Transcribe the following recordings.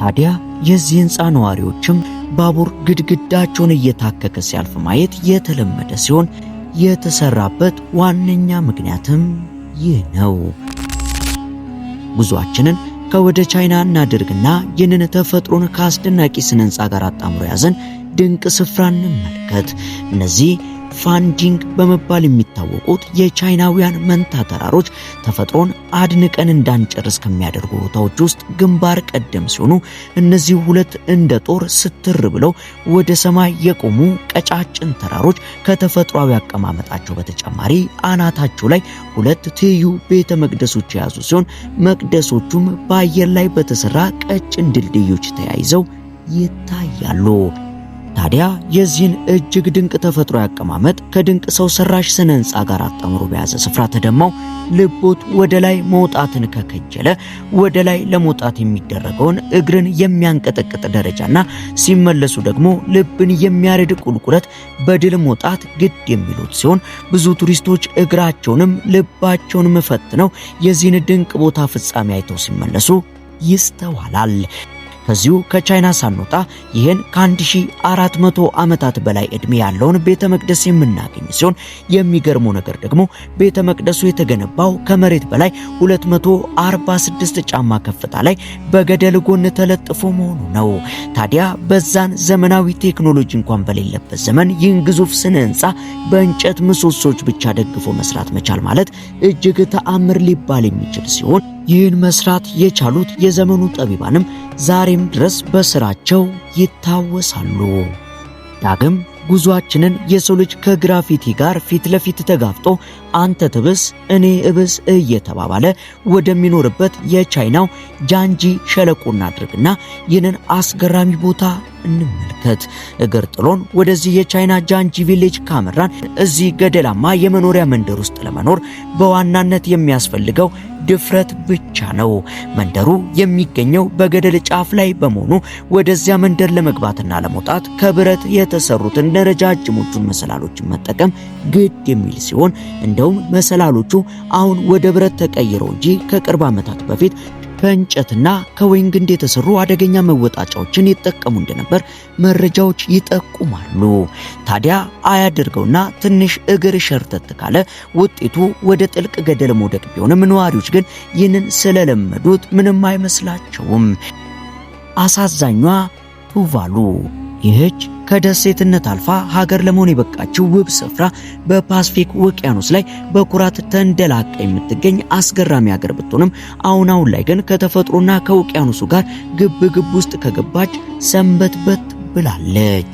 ታዲያ የዚህ ህንፃ ነዋሪዎችም ባቡር ግድግዳቸውን እየታከከ ሲያልፍ ማየት የተለመደ ሲሆን የተሰራበት ዋነኛ ምክንያትም ይህ ነው። ጉዞአችንን ከወደ ቻይና እናድርግና ይህንን ተፈጥሮን ከአስደናቂ ስነ ህንፃ ጋር አጣምሮ ያዘን ድንቅ ስፍራ እንመልከት። እነዚህ ፋንጂንግ በመባል የሚታወቁት የቻይናውያን መንታ ተራሮች ተፈጥሮን አድንቀን እንዳንጨርስ ከሚያደርጉ ቦታዎች ውስጥ ግንባር ቀደም ሲሆኑ እነዚህ ሁለት እንደ ጦር ስትር ብለው ወደ ሰማይ የቆሙ ቀጫጭን ተራሮች ከተፈጥሯዊ አቀማመጣቸው በተጨማሪ አናታቸው ላይ ሁለት ትይዩ ቤተ መቅደሶች የያዙ ሲሆን መቅደሶቹም በአየር ላይ በተሰራ ቀጭን ድልድዮች ተያይዘው ይታያሉ። ታዲያ የዚህን እጅግ ድንቅ ተፈጥሮ አቀማመጥ ከድንቅ ሰው ሰራሽ ስነ ህንፃ ጋር አጣምሮ በያዘ ስፍራ ተደማው ልቦት ወደ ላይ መውጣትን ከከጀለ ወደ ላይ ለመውጣት የሚደረገውን እግርን የሚያንቀጠቅጥ ደረጃና ሲመለሱ ደግሞ ልብን የሚያረድ ቁልቁለት በድል መውጣት ግድ የሚሉት ሲሆን ብዙ ቱሪስቶች እግራቸውንም ልባቸውንም ፈትነው የዚህን ድንቅ ቦታ ፍጻሜ አይተው ሲመለሱ ይስተዋላል። ከዚሁ ከቻይና ሳንወጣ ይህን ከ1400 ዓመታት በላይ ዕድሜ ያለውን ቤተ መቅደስ የምናገኝ ሲሆን የሚገርመው ነገር ደግሞ ቤተ መቅደሱ የተገነባው ከመሬት በላይ 246 ጫማ ከፍታ ላይ በገደል ጎን ተለጥፎ መሆኑ ነው። ታዲያ በዛን ዘመናዊ ቴክኖሎጂ እንኳን በሌለበት ዘመን ይህን ግዙፍ ስነ ህንፃ በእንጨት ምሰሶዎች ብቻ ደግፎ መስራት መቻል ማለት እጅግ ተአምር ሊባል የሚችል ሲሆን ይህን መስራት የቻሉት የዘመኑ ጠቢባንም ዛሬም ድረስ በስራቸው ይታወሳሉ። ዳግም ጉዟችንን የሰው ልጅ ከግራፊቲ ጋር ፊት ለፊት ተጋፍጦ አንተ ትብስ እኔ እብስ እየተባባለ ወደሚኖርበት የቻይናው ጃንጂ ሸለቆ እናድርግና ይህንን አስገራሚ ቦታ እንመልከት። እግር ጥሎን ወደዚህ የቻይና ጃንጂ ቪሌጅ ካመራን እዚህ ገደላማ የመኖሪያ መንደር ውስጥ ለመኖር በዋናነት የሚያስፈልገው ድፍረት ብቻ ነው። መንደሩ የሚገኘው በገደል ጫፍ ላይ በመሆኑ ወደዚያ መንደር ለመግባትና ለመውጣት ከብረት የተሰሩትን ረጃጅሞቹን መሰላሎችን መጠቀም ግድ የሚል ሲሆን እንደውም መሰላሎቹ አሁን ወደ ብረት ተቀይረው እንጂ ከቅርብ ዓመታት በፊት ከእንጨትና ከወይን ግንድ የተሰሩ አደገኛ መወጣጫዎችን ይጠቀሙ እንደነበር መረጃዎች ይጠቁማሉ። ታዲያ አያደርገውና ትንሽ እግር ሸርተት ካለ ውጤቱ ወደ ጥልቅ ገደል መውደቅ ቢሆንም ነዋሪዎች ግን ይህንን ስለለመዱት ምንም አይመስላቸውም። አሳዛኟ ቱቫሉ ይህች ከደሴትነት አልፋ ሀገር ለመሆን የበቃችው ውብ ስፍራ በፓስፊክ ውቅያኖስ ላይ በኩራት ተንደላቃ የምትገኝ አስገራሚ ሀገር ብትሆንም አሁን አሁን ላይ ግን ከተፈጥሮና ከውቅያኖሱ ጋር ግብ ግብ ውስጥ ከገባች ሰንበትበት ብላለች።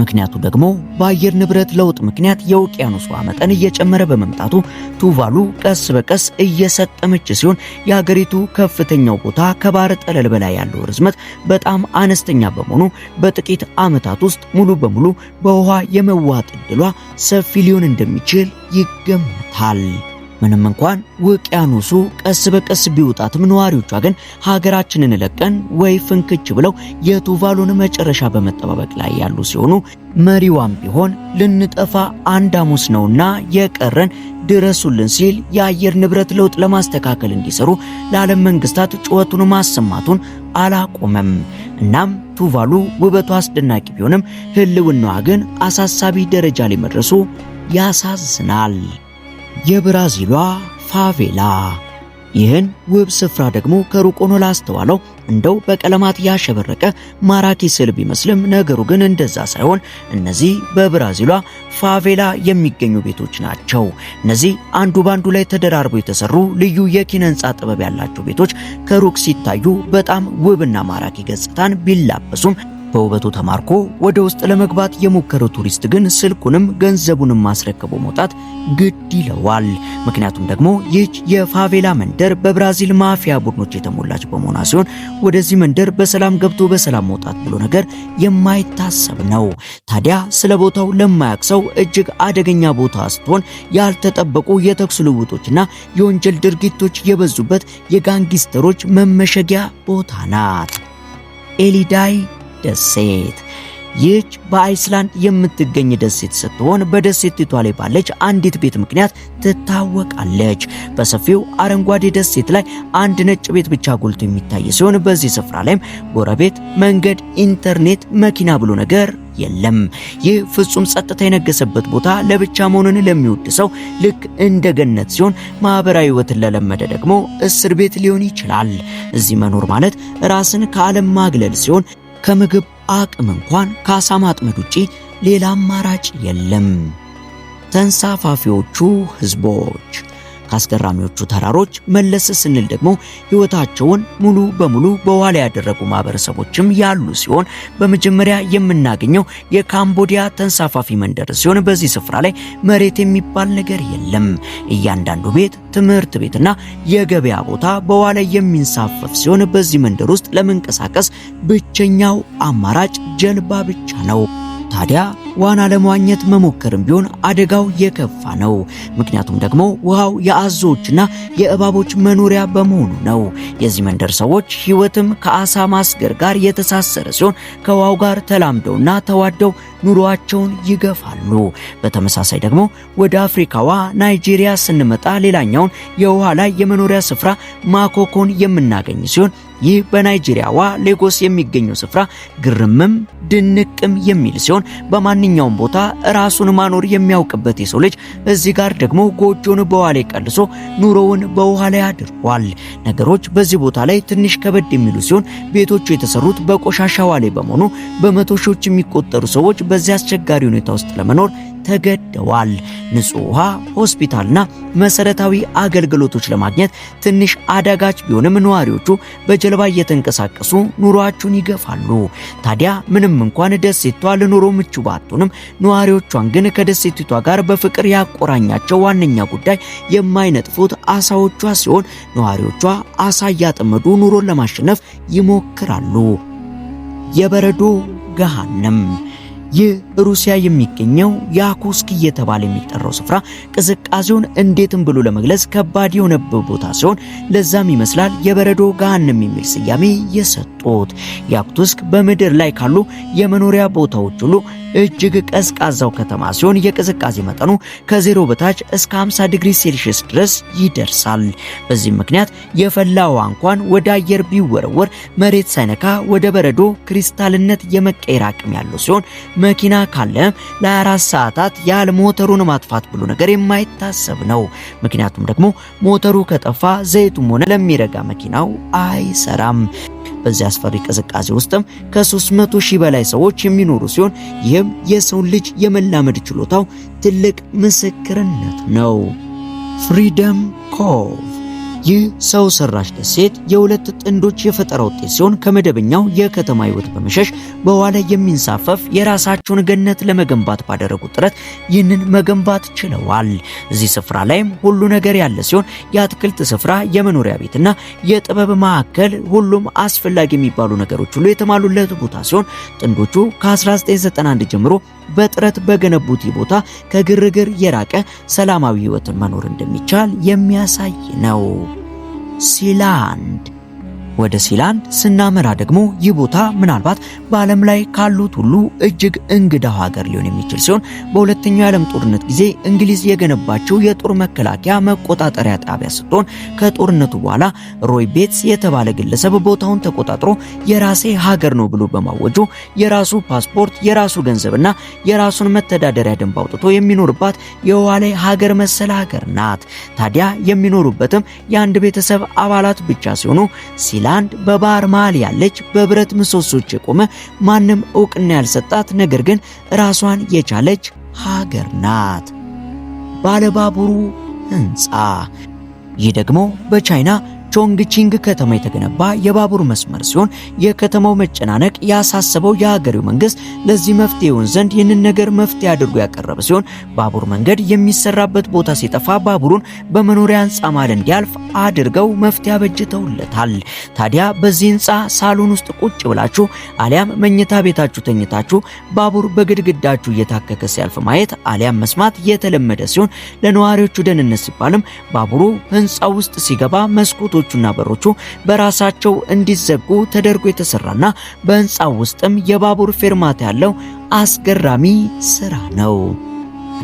ምክንያቱ ደግሞ በአየር ንብረት ለውጥ ምክንያት የውቅያኖስ ውሃ መጠን እየጨመረ በመምጣቱ ቱቫሉ ቀስ በቀስ እየሰጠመች ሲሆን የሀገሪቱ ከፍተኛው ቦታ ከባህር ጠለል በላይ ያለው ርዝመት በጣም አነስተኛ በመሆኑ በጥቂት ዓመታት ውስጥ ሙሉ በሙሉ በውሃ የመዋጥ ዕድሏ ሰፊ ሊሆን እንደሚችል ይገመታል። ምንም እንኳን ውቅያኖሱ ቀስ በቀስ ቢውጣትም ነዋሪዎቿ ግን ሀገራችንን ለቀን ወይ ፍንክች ብለው የቱቫሉን መጨረሻ በመጠባበቅ ላይ ያሉ ሲሆኑ መሪዋም ቢሆን ልንጠፋ አንድ አሙስ ነውና የቀረን ድረሱልን ሲል የአየር ንብረት ለውጥ ለማስተካከል እንዲሰሩ ለዓለም መንግስታት ጩኸቱን ማሰማቱን አላቆመም። እናም ቱቫሉ ውበቱ አስደናቂ ቢሆንም ህልውናዋ ግን አሳሳቢ ደረጃ ላይ መድረሱ ያሳዝናል። የብራዚሏ ፋቬላ። ይህን ውብ ስፍራ ደግሞ ከሩቅ ሆኖ ላስተዋለው እንደው በቀለማት ያሸበረቀ ማራኪ ስዕል ቢመስልም ነገሩ ግን እንደዛ ሳይሆን እነዚህ በብራዚሏ ፋቬላ የሚገኙ ቤቶች ናቸው። እነዚህ አንዱ ባንዱ ላይ ተደራርበው የተሰሩ ልዩ የኪነ ህንፃ ጥበብ ያላቸው ቤቶች ከሩቅ ሲታዩ በጣም ውብና ማራኪ ገጽታን ቢላበሱም በውበቱ ተማርኮ ወደ ውስጥ ለመግባት የሞከረው ቱሪስት ግን ስልኩንም ገንዘቡንም ማስረከቡ መውጣት ግድ ይለዋል። ምክንያቱም ደግሞ ይህች የፋቬላ መንደር በብራዚል ማፊያ ቡድኖች የተሞላች በመሆኗ ሲሆን ወደዚህ መንደር በሰላም ገብቶ በሰላም መውጣት ብሎ ነገር የማይታሰብ ነው። ታዲያ ስለ ቦታው ለማያውቅ ሰው እጅግ አደገኛ ቦታ ስትሆን ያልተጠበቁ የተኩስ ልውጦችና የወንጀል ድርጊቶች የበዙበት የጋንጊስተሮች መመሸጊያ ቦታ ናት። ኤሊዳይ ደሴት ይህች በአይስላንድ የምትገኝ ደሴት ስትሆን በደሴቲቷ ላይ ባለች አንዲት ቤት ምክንያት ትታወቃለች። በሰፊው አረንጓዴ ደሴት ላይ አንድ ነጭ ቤት ብቻ ጎልቶ የሚታይ ሲሆን በዚህ ስፍራ ላይም ጎረቤት፣ መንገድ፣ ኢንተርኔት፣ መኪና ብሎ ነገር የለም። ይህ ፍጹም ጸጥታ የነገሰበት ቦታ ለብቻ መሆንን ለሚወድ ሰው ልክ እንደ ገነት ሲሆን ማህበራዊ ሕይወትን ለለመደ ደግሞ እስር ቤት ሊሆን ይችላል። እዚህ መኖር ማለት ራስን ከዓለም ማግለል ሲሆን ከምግብ አቅም እንኳን ከአሳ ማጥመድ ውጪ ሌላ አማራጭ የለም። ተንሳፋፊዎቹ ህዝቦች። ከአስገራሚዎቹ ተራሮች መለስ ስንል ደግሞ ሕይወታቸውን ሙሉ በሙሉ በውሃ ላይ ያደረጉ ማህበረሰቦችም ያሉ ሲሆን በመጀመሪያ የምናገኘው የካምቦዲያ ተንሳፋፊ መንደር ሲሆን በዚህ ስፍራ ላይ መሬት የሚባል ነገር የለም። እያንዳንዱ ቤት፣ ትምህርት ቤትና የገበያ ቦታ በውሃ ላይ የሚንሳፈፍ ሲሆን በዚህ መንደር ውስጥ ለመንቀሳቀስ ብቸኛው አማራጭ ጀልባ ብቻ ነው። ታዲያ ዋና ለመዋኘት መሞከርም ቢሆን አደጋው የከፋ ነው። ምክንያቱም ደግሞ ውሃው የአዞዎችና የእባቦች መኖሪያ በመሆኑ ነው። የዚህ መንደር ሰዎች ሕይወትም ከአሳ ማስገር ጋር የተሳሰረ ሲሆን ከውሃው ጋር ተላምደውና ተዋደው ኑሮአቸውን ይገፋሉ። በተመሳሳይ ደግሞ ወደ አፍሪካዋ ናይጄሪያ ስንመጣ ሌላኛውን የውሃ ላይ የመኖሪያ ስፍራ ማኮኮን የምናገኝ ሲሆን ይህ በናይጄሪያዋ ሌጎስ የሚገኘው ስፍራ ግርምም ድንቅም የሚል ሲሆን በማንኛውም ቦታ ራሱን ማኖር የሚያውቅበት የሰው ልጅ እዚህ ጋር ደግሞ ጎጆን በውሃ ላይ ቀልሶ ኑሮውን በውሃ ላይ አድርጓል። ነገሮች በዚህ ቦታ ላይ ትንሽ ከበድ የሚሉ ሲሆን ቤቶቹ የተሰሩት በቆሻሻ ውሃ ላይ በመሆኑ በመቶ ሺዎች የሚቆጠሩ ሰዎች በዚህ አስቸጋሪ ሁኔታ ውስጥ ለመኖር ተገደዋል። ንጹህ ውሃ፣ ሆስፒታልና መሰረታዊ አገልግሎቶች ለማግኘት ትንሽ አዳጋች ቢሆንም ነዋሪዎቹ በጀልባ እየተንቀሳቀሱ ኑሯቸውን ይገፋሉ። ታዲያ ምንም እንኳን ደሴቷ ለኑሮ ምቹ ባትሆንም ነዋሪዎቿን ግን ከደሴቲቷ ጋር በፍቅር ያቆራኛቸው ዋነኛ ጉዳይ የማይነጥፉት አሳዎቿ ሲሆን ነዋሪዎቿ አሳ እያጠመዱ ኑሮን ለማሸነፍ ይሞክራሉ። የበረዶ ገሃነም ይህ ሩሲያ የሚገኘው ያኩትስክ እየተባለ የሚጠራው ስፍራ ቅዝቃዜውን እንዴትም ብሎ ለመግለጽ ከባድ የሆነበት ቦታ ሲሆን ለዛም ይመስላል የበረዶ ጋሃንም የሚል ስያሜ የሰጡት። ያኩትስክ በምድር ላይ ካሉ የመኖሪያ ቦታዎች ሁሉ እጅግ ቀዝቃዛው ከተማ ሲሆን የቅዝቃዜ መጠኑ ከዜሮ በታች እስከ 50 ዲግሪ ሴልሺየስ ድረስ ይደርሳል። በዚህም ምክንያት የፈላ ውሃ እንኳን ወደ አየር ቢወረወር መሬት ሳይነካ ወደ በረዶ ክሪስታልነት የመቀየር አቅም ያለው ሲሆን መኪና ካለም ለ24 ሰዓታት ያህል ሞተሩን ማጥፋት ብሎ ነገር የማይታሰብ ነው። ምክንያቱም ደግሞ ሞተሩ ከጠፋ ዘይቱም ሆነ ለሚረጋ መኪናው አይሰራም። በዚህ አስፈሪ ቅዝቃዜ ውስጥም ከ300 ሺህ በላይ ሰዎች የሚኖሩ ሲሆን ይህም የሰውን ልጅ የመላመድ ችሎታው ትልቅ ምስክርነት ነው። ፍሪደም ኮቭ ይህ ሰው ሰራሽ ደሴት የሁለት ጥንዶች የፈጠራ ውጤት ሲሆን ከመደበኛው የከተማ ህይወት በመሸሽ በውሃ ላይ የሚንሳፈፍ የራሳቸውን ገነት ለመገንባት ባደረጉ ጥረት ይህንን መገንባት ችለዋል። እዚህ ስፍራ ላይም ሁሉ ነገር ያለ ሲሆን የአትክልት ስፍራ፣ የመኖሪያ ቤትና የጥበብ ማዕከል፣ ሁሉም አስፈላጊ የሚባሉ ነገሮች ሁሉ የተሟሉለት ቦታ ሲሆን ጥንዶቹ ከ1991 ጀምሮ በጥረት በገነቡት ቦታ ከግርግር የራቀ ሰላማዊ ህይወትን መኖር እንደሚቻል የሚያሳይ ነው። Sealand. ወደ ሲላንድ ስናመራ ደግሞ ይህ ቦታ ምናልባት በዓለም ላይ ካሉት ሁሉ እጅግ እንግዳው ሀገር ሊሆን የሚችል ሲሆን በሁለተኛው የዓለም ጦርነት ጊዜ እንግሊዝ የገነባቸው የጦር መከላከያ መቆጣጠሪያ ጣቢያ ስትሆን ከጦርነቱ በኋላ ሮይ ቤትስ የተባለ ግለሰብ ቦታውን ተቆጣጥሮ የራሴ ሀገር ነው ብሎ በማወጁ የራሱ ፓስፖርት፣ የራሱ ገንዘብና የራሱን መተዳደሪያ ደንብ አውጥቶ የሚኖርባት ላይ ሀገር መሰል ሀገር ናት። ታዲያ የሚኖሩበትም የአንድ ቤተሰብ አባላት ብቻ ሲሆኑ ኒውዚላንድ በባህር መሃል ያለች በብረት ምሰሶች የቆመ ማንም እውቅና ያልሰጣት ነገር ግን ራሷን የቻለች ሀገር ናት። ባለባቡሩ ህንፃ ይህ ደግሞ በቻይና ቾንግቺንግ ከተማ የተገነባ የባቡር መስመር ሲሆን የከተማው መጨናነቅ ያሳሰበው የሀገሪው መንግስት ለዚህ መፍትሄ ይሆን ዘንድ ይህንን ነገር መፍትሄ አድርጎ ያቀረበ ሲሆን ባቡር መንገድ የሚሰራበት ቦታ ሲጠፋ ባቡሩን በመኖሪያ ህንፃ ማል እንዲያልፍ አድርገው መፍትሄ አበጅተውለታል። ታዲያ በዚህ ህንፃ ሳሎን ውስጥ ቁጭ ብላችሁ አሊያም መኝታ ቤታችሁ ተኝታችሁ ባቡር በግድግዳችሁ እየታከከ ሲያልፍ ማየት አሊያም መስማት የተለመደ ሲሆን ለነዋሪዎቹ ደህንነት ሲባልም ባቡሩ ህንፃ ውስጥ ሲገባ መስኮቶ መስኮቶቹና በሮቹ በራሳቸው እንዲዘጉ ተደርጎ የተሰራና በህንፃው ውስጥም የባቡር ፌርማታ ያለው አስገራሚ ስራ ነው።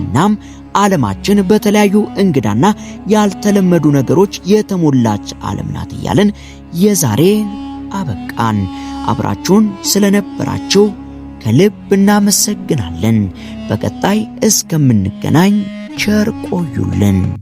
እናም ዓለማችን በተለያዩ እንግዳና ያልተለመዱ ነገሮች የተሞላች ዓለም ናት እያልን የዛሬ አበቃን። አብራችሁን ስለነበራችሁ ከልብ እናመሰግናለን። በቀጣይ እስከምንገናኝ ቸር ቆዩልን።